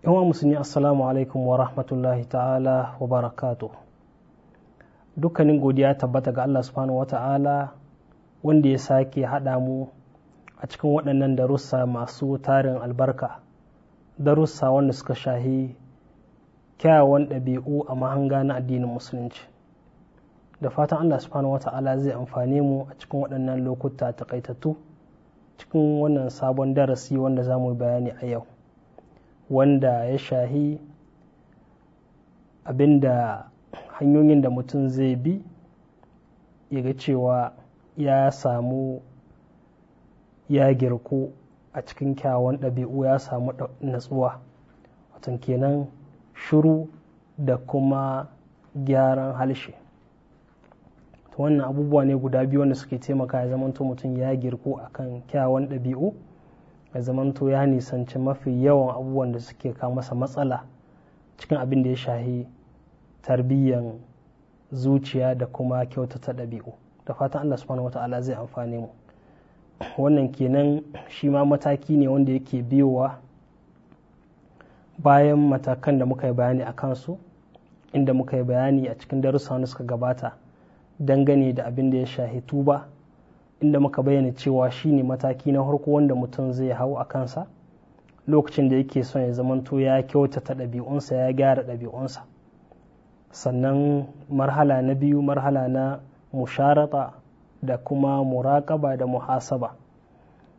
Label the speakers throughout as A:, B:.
A: yawan musulmi assalamu alaikum wa rahmatullahi ta'ala wa barakatu dukkanin godiya tabbata ga Allah subhanahu wa ta'ala wanda ya sake haɗa mu a cikin waɗannan darussa masu tarin albarka darussa wanda suka shahi kyawawan ɗabi'u a mahanga na addinin musulunci da fatan Allah subhanahu wa ta'ala zai amfane mu a cikin waɗannan lokuta takaitattu cikin wannan sabon darasi wanda za mu bayani a yau wanda ya shahi abinda hanyoyin da mutum zai bi ya ga cewa ya samu ya girku a cikin kyawun ɗabi'u ya samu natsuwa watan kenan shuru da kuma gyaran halshe wannan abubuwa ne guda biyu wanda suke taimaka ya zamanta mutum ya girku kan kyawun ɗabi'u mai zamanto ya nisanci mafi yawan abubuwan da suke kawo masa matsala cikin abin da ya shahi tarbiyyan zuciya da kuma kyautata ɗabi'u da fatan Allah subhanahu ta'ala zai amfane mu wannan kenan shi ma mataki ne wanda yake biyowa bayan matakan da muka yi bayani a kansu inda muka yi bayani a cikin darussa wanda suka gabata dangane da abin da ya shahi tuba inda muka bayyana cewa shi ne mataki na harko wanda mutum zai hau a kansa lokacin da yake son ya zamanto ya kyautata ɗabi'unsa ya gyara ɗabi'unsa sannan marhala na biyu marhala na musharata da kuma muraƙaba da muhasaba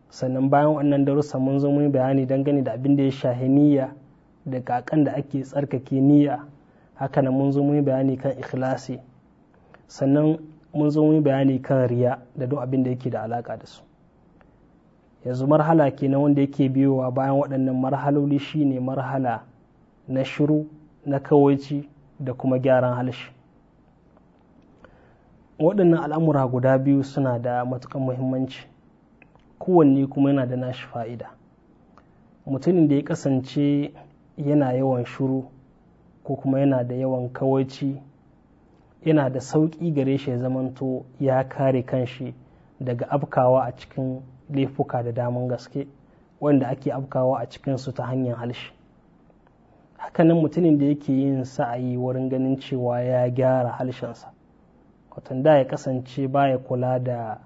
A: sannan bayan wannan darussa mun zo mun bayani dangane da abin da ya shahi niyya da kakan da ake tsarkake niyya haka nan mun zo mun bayani kan ikhlasi sannan mun zo mu bayani kan riya da duk abin da yake da alaka da su yanzu marhala ke na wanda yake biyowa bayan waɗannan marhaloli shine marhala na shiru na kawaici da kuma gyaran halshi waɗannan al'amura guda biyu suna da matukan muhimmanci kowanne kuma yana da nashi fa'ida mutumin da ya kasance yana yawan shiru ko kuma yana da yawan kawaici yana da sauƙi gare shi ya zamanto ya kare kanshi daga afkawa a cikin laifuka da daman gaske wanda ake afkawa a cikinsu ta hanyar halshi hakanan mutumin da yake yin sa'ayi wurin ganin cewa ya gyara halshensa watan da ya kasance baya kula da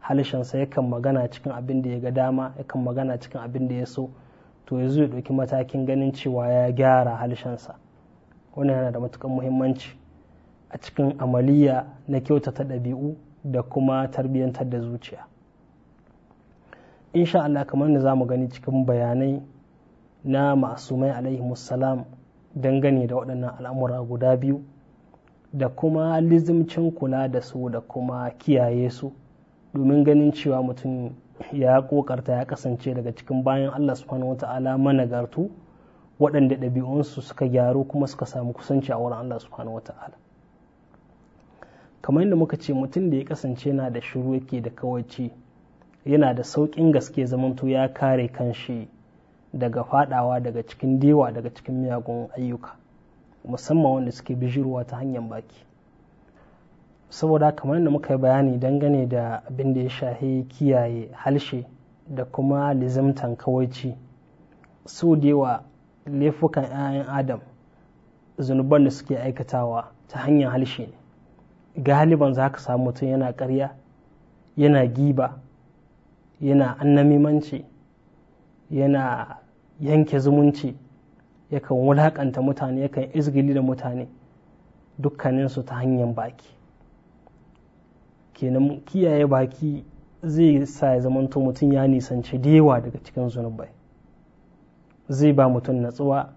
A: halshensa yakan magana cikin abin da ya ga dama yakan magana cikin abin da ya so to ya zo ya ɗauki matakin ganin cewa ya gyara halshensa wannan yana da matuƙar muhimmanci a cikin amaliya na kyautata ɗabi'u da kuma tarbiyyantar da zuciya insha Allah kamar da za mu gani cikin bayanai na ma'asumai alaihi don dangane da waɗannan al'amura guda biyu da kuma lizimcin kula da su da kuma kiyaye su domin ganin cewa mutum ya ƙoƙarta ya kasance daga cikin bayan Allah subhanahu wa ta'ala managartu waɗanda ɗabi'unsu suka gyaru kuma suka samu kusanci a wurin Allah subhanahu wa ta'ala kamar yadda muka ce mutum da ya kasance na da shiru yake da kawaici yana da sauƙin gaske zamanto ya kare kanshi daga fadawa daga cikin dewa daga cikin miyagun ayyuka musamman wanda suke bijirwa ta hanyar baki saboda kamar yadda muka yi bayani dangane da abin da ya shahi kiyaye halshe da kuma lizimtan kawaici su dewa laifukan 'ya'yan adam zunuban da suke aikatawa ta hanyar halshe ne galiban za ka samu mutum yana ƙarya yana giba yana annamimanci yana yanke zumunci yakan wulaƙanta mutane yakan izgili da mutane dukkaninsu ta hanyar baki kenan kiyaye baki zai sa ya zamanto mutum ya nisanci dewa daga cikin zunubai zai ba mutum natsuwa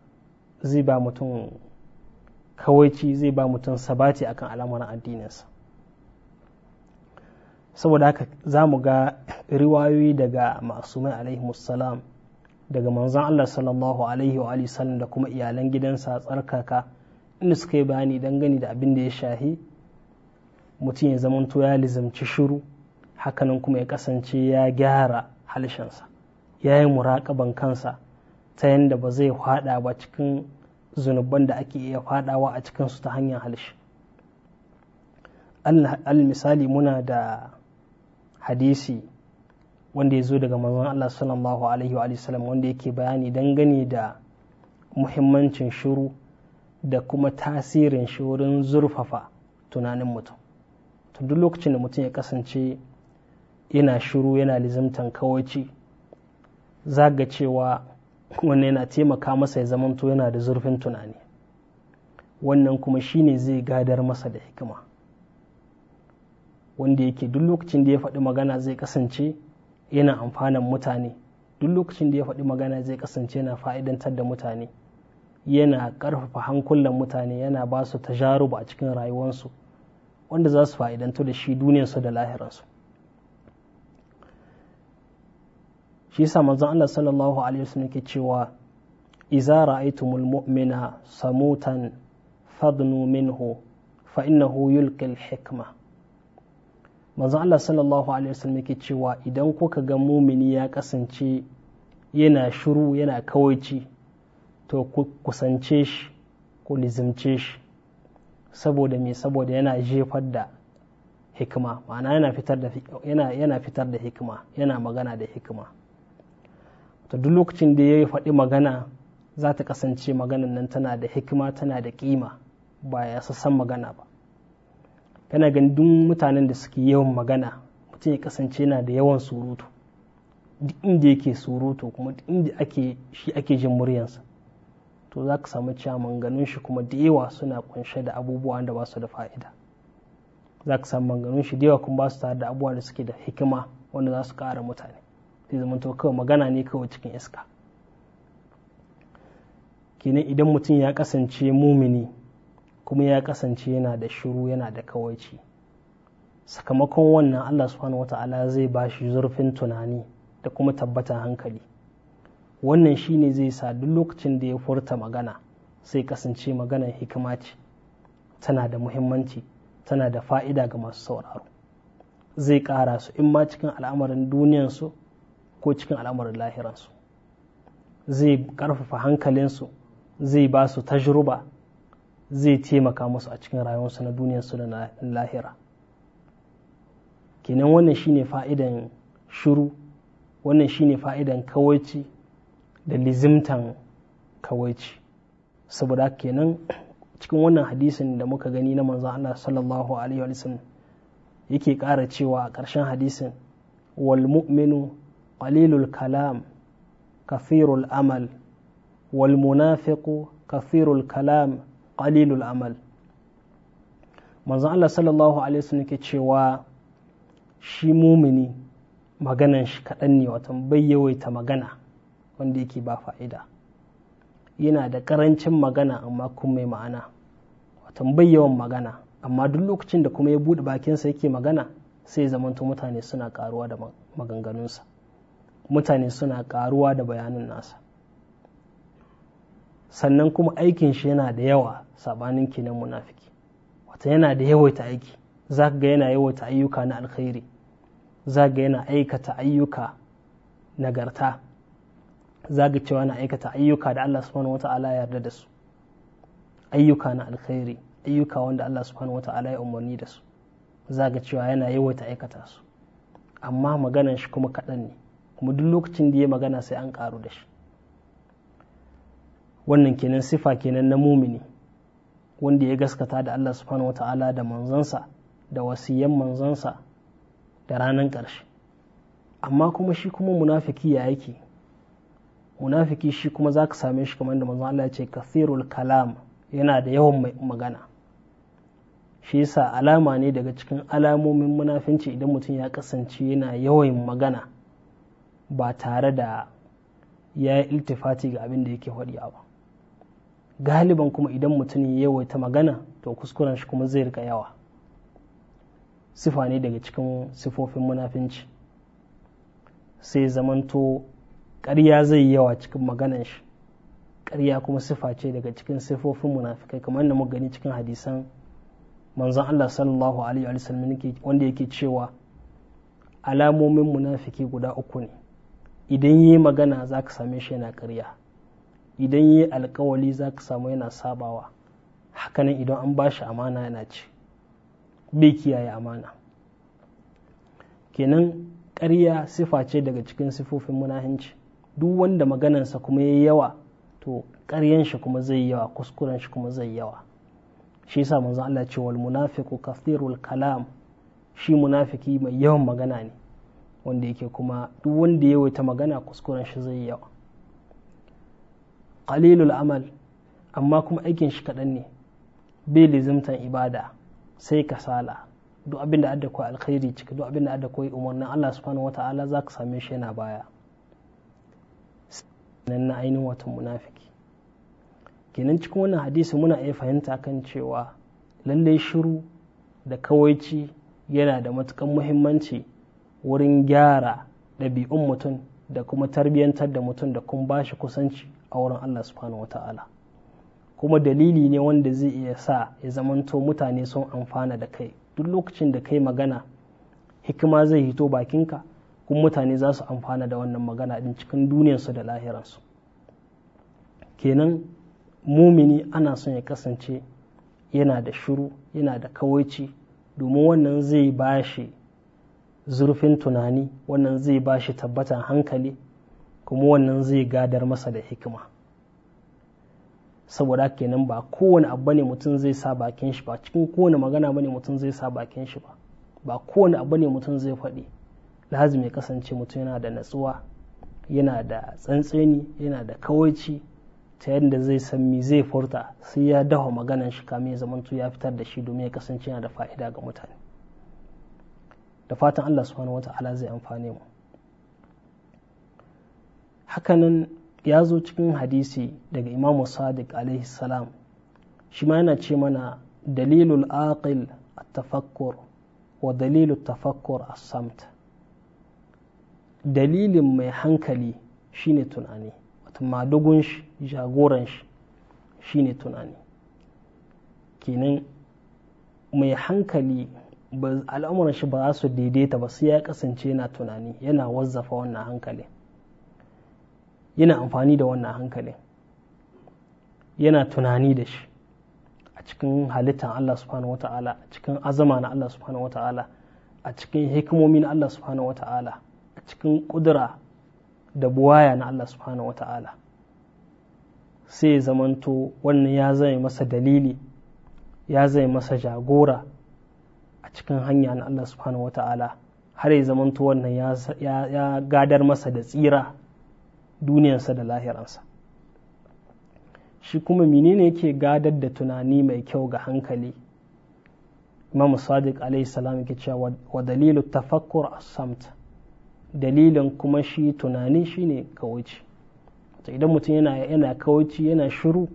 A: zai ba mutum kawaici zai ba mutum sabati akan al'amuran addininsa saboda haka za mu ga riwayoyi daga masu alaihi daga manzan Allah sallallahu alaihi wa sallam da kuma iyalan gidansa tsarkaka inda suka yi bayani dangane da abin da ya shahi mutum ya zamanto ya lizamci shiru hakanan kuma ya kasance ya gyara halshensa ya yi muraƙaban kansa ta yadda ba zai hada ba cikin zunuban da ake iya fadawa a cikinsu ta hanyar halshi al misali muna da hadisi wanda ya zo daga manzon Allah sallallahu alaihi wa sallam wanda yake bayani dangane da muhimmancin shiru da kuma tasirin shi zurfafa tunanin mutum to duk lokacin da mutum ya kasance yana shiru yana lizimtan kawaici zaga cewa wannan yana taimaka masa ya zamanto yana da zurfin tunani wannan kuma shine zai gadar masa da hikima wanda yake duk lokacin da ya faɗi magana zai kasance yana amfanan mutane duk lokacin da ya faɗi magana zai kasance yana fa'idantar da mutane yana ƙarfafa hankulan mutane yana ba su tajaruba a cikin rayuwarsu wanda za su fa'idantu da shi duniyarsu da lahiransu shi sa manzon Allah sallallahu alaihi wasallam ke cewa idza ra'aytumul mu'mina samutan fadnu minhu fa innahu yulqil hikma manzon Allah sallallahu alaihi wasallam ke cewa idan kuka ga mumini ya kasance yana shiru yana kawaici to ku kusance shi ku lizimce shi saboda me saboda yana jefar da hikima ma'ana yana fitar da hikima yana magana da hikima to duk lokacin da ya yi faɗi magana za ta kasance maganan nan tana da hikima tana da ƙima ba ya sassan magana ba kana ganin duk mutanen da suke yawan magana mutum ya kasance yana da yawan surutu duk inda yake surutu kuma duk inda ake shi ake jin muryansa to za ka samu cewa manganun shi kuma da yawa suna kunshe da abubuwa da ba su da fa'ida za ka samu manganun shi da yawa kuma ba su tare da abubuwa da suke da hikima wanda za su ƙara mutane zai zama to kawai magana ne kawai cikin iska kenan idan mutum ya kasance mumini kuma ya kasance yana da shiru yana da kawaici sakamakon wannan allah wata wata'ala zai ba shi zurfin tunani da kuma tabbatar hankali wannan shi ne zai sa duk lokacin da ya furta magana sai kasance maganar hikima ce tana da muhimmanci tana da fa'ida ga masu sauraro zai ƙara su in ma cikin al'amarin duniyarsu ko cikin al’amuran lahiransu zai karfafa hankalinsu zai ba su tajruba zai taimaka musu a cikin rayuwarsu na duniyarsu da na lahira kenan wannan shine fa'idan shuru wannan shine fa'idan kawaici da lizimtan kawaici saboda kenan cikin wannan hadisin da muka gani na manzon Allah sallallahu alaihi wa yake ƙara cewa a ƙarshen hadisin wal mu'minu qalilul kalam kafirul amal wal munafiqu kafirul kalam qalilul amal manzon Allah sallallahu ke cewa shi mumini maganan shi kaɗan ne watan bai yawaita magana wanda yake ba fa'ida yana da ƙarancin magana amma kuma mai ma'ana watan bai yawan magana amma duk lokacin da kuma ya buɗe bakinsa yake magana sai zamanto mutane suna ƙaruwa da maganganunsa mutane suna karuwa da bayanin nasa sannan kuma aikin shi yana da yawa sabanin kinan munafiki wata yana da yawaita aiki za ga yana yawaita ayyuka na alkhairi za ga yana aikata ayyuka nagarta za ga cewa yana aikata ayyuka da Allah subhanahu Ta'ala ya yarda da su ayyuka na alkhairi ayyuka wanda Allah subhanahu Ta'ala ya umarni da su za ga cewa yana yawaita aikata su amma maganan shi kuma kaɗan ne kuma duk lokacin da ya magana sai an karu da shi wannan kenan sifa kenan na mumini wanda ya gaskata da Allah subhanahu wata'ala da manzansa da wasiyan manzansa da ranar ƙarshe amma kuma shi kuma munafiki ya yake munafiki shi kuma za ka same shi kamar da manzo Allah ya ce kathirul kalam yana da yawan magana shi yasa alama ne daga cikin alamomin munafinci idan mutum ya kasance yana yawan magana ba tare da ya yi iltifati ga abin da yake haɗiya ba galiban kuma idan mutum ya yawaita magana to kuskuren shi kuma zai rika yawa sifa ne daga cikin sifofin munafinci sai zamanto ƙarya zai yi yawa cikin maganan shi ƙarya kuma sifa ce daga cikin sifofin munafikai kamar yadda muka gani cikin hadisan manzon Allah sallallahu alaihi wa sallam wanda yake cewa alamomin munafiki guda uku ne idan yi magana za ka same shi yana karya idan yi alkawali za ka samu yana sabawa hakanan idan an ba shi amana yana ci bai kiyaye amana kenan ƙarya sifa ce daga cikin sifofin munahinci duk wanda maganansa kuma ya yi yawa to ƙaryan shi kuma zai yawa kuskuren shi kuma zai yawa shi yasa manzon Allah ce wal munafiqu kathirul kalam shi munafiki mai yawan magana ne wanda yake kuma duk wanda ya ta magana kuskuren shi zai yawa qalilul amal amma kuma aikin shi kaɗan ne bai lizimtan ibada sai kasala duk abin da adda koyi alkhairi ciki duk abin da adda koyi umarnin Allah subhanahu ta'ala za ka same shi yana baya nan na ainihin watan munafiki kenan cikin wannan hadisi muna iya fahimta kan cewa lallai shiru da kawaici yana da matukan muhimmanci wurin gyara ɗabi'un mutum da kuma tarbiyyantar da mutum da kuma bashi kusanci a wurin Allah subhanahu wata'ala kuma dalili ne wanda zai iya sa ya zamanto mutane sun amfana da kai duk lokacin da kai magana hikima zai hito bakinka kuma mutane za su amfana da wannan magana din cikin duniyarsu da lahiransu kenan mumini ana son ya kasance yana da shuru yana da kawaici domin wannan zai bashi zurfin tunani wannan zai ba shi tabbatan hankali kuma wannan zai gadar masa da hikima saboda kenan ba kowane abu ne mutum zai sa bakin shi ba cikin kowane magana bane mutum zai sa bakin shi ba ba kowane abu ne mutum zai faɗi lazim ya kasance mutum yana da natsuwa yana da tsantseni yana da kawaici ta yadda zai san mi zai furta sai ya dafa maganan shi kamar ya zamanto ya fitar da shi domin ya kasance yana da fa'ida ga mutane da fatan Allah subhanahu ala zai amfani mu hakanan ya zo cikin hadisi daga imamu sadiq alaihi salam shi ma yana ce mana dalilul aqil at-tafakkur wa dalilul tafakkur as-samt dalilin mai hankali shine tunani Wata madugun shi jagoran shi shine tunani kenan mai hankali al'amuran shi ba za su daidaita ba sai ya kasance yana tunani yana wazzafa wannan hankali yana amfani da wannan hankali yana tunani da shi a cikin halittar Allah subhanahu wata'ala a cikin azama na Allah subhanahu wata'ala a cikin hikimomi na Allah subhanahu wata'ala a cikin kudura da buwaya na Allah subhanahu wata'ala sai zamanto wannan ya zai masa dalili ya zai masa jagora a cikin hanya na Allah subhanahu wa ta'ala har ya zamanto wannan ya gadar masa da tsira duniyarsa da lahiransa shi kuma menene yake gadar da tunani mai kyau ga hankali imam sadiq alaihi salam yake cewa wa dalilu tafakkur as-samt dalilin kuma shi tunani shine kawaici to idan mutum yana yana kawaici yana shiru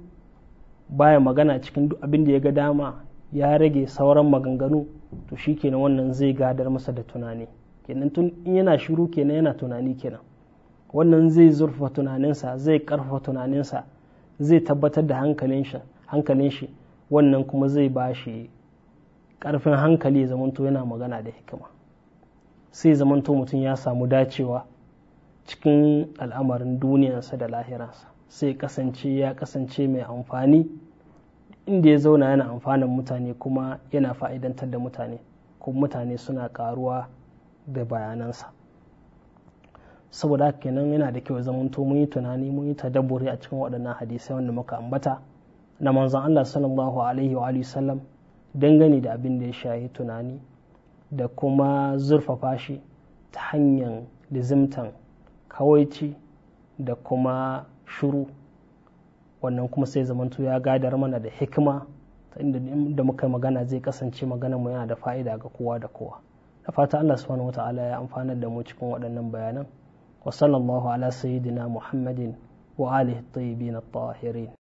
A: baya magana cikin duk abin da ya ga dama ya rage sauran maganganu to shi kenan wannan zai gadar masa da tunani kenan tun in yana shiru kenan yana tunani kenan wannan zai zurfa tunaninsa zai karfa tunaninsa zai tabbatar da hankalin shi wannan kuma zai ba shi karfin hankali ya zamanto yana magana da hikima sai zamanto mutum ya samu dacewa cikin al'amarin duniyarsa da lahiransa sai kasance ya kasance mai amfani inda ya zauna yana amfanin mutane kuma yana fa'idantar da mutane kuma mutane suna karuwa da bayanansa saboda haka kenan yana da kyau zamanto mun yi tunani mun yi tadabburi a cikin waɗannan hadisai wanda muka ambata na manzon Allah sallallahu alaihi wa alihi sallam dangane da abin da ya shahi tunani da kuma zurfafa shi ta hanyar lizimtan kawaici da kuma shuru wannan kuma sai zamanto ya gadar mana da hikima ta inda da muka magana zai kasance magana mu yana da fa'ida ga kowa da kowa da fata Allah subhanahu wata'ala ya amfanar da mu cikin waɗannan bayanan wa sallallahu ala sayyidina muhammadin wa alihi tayyibin at-tahirin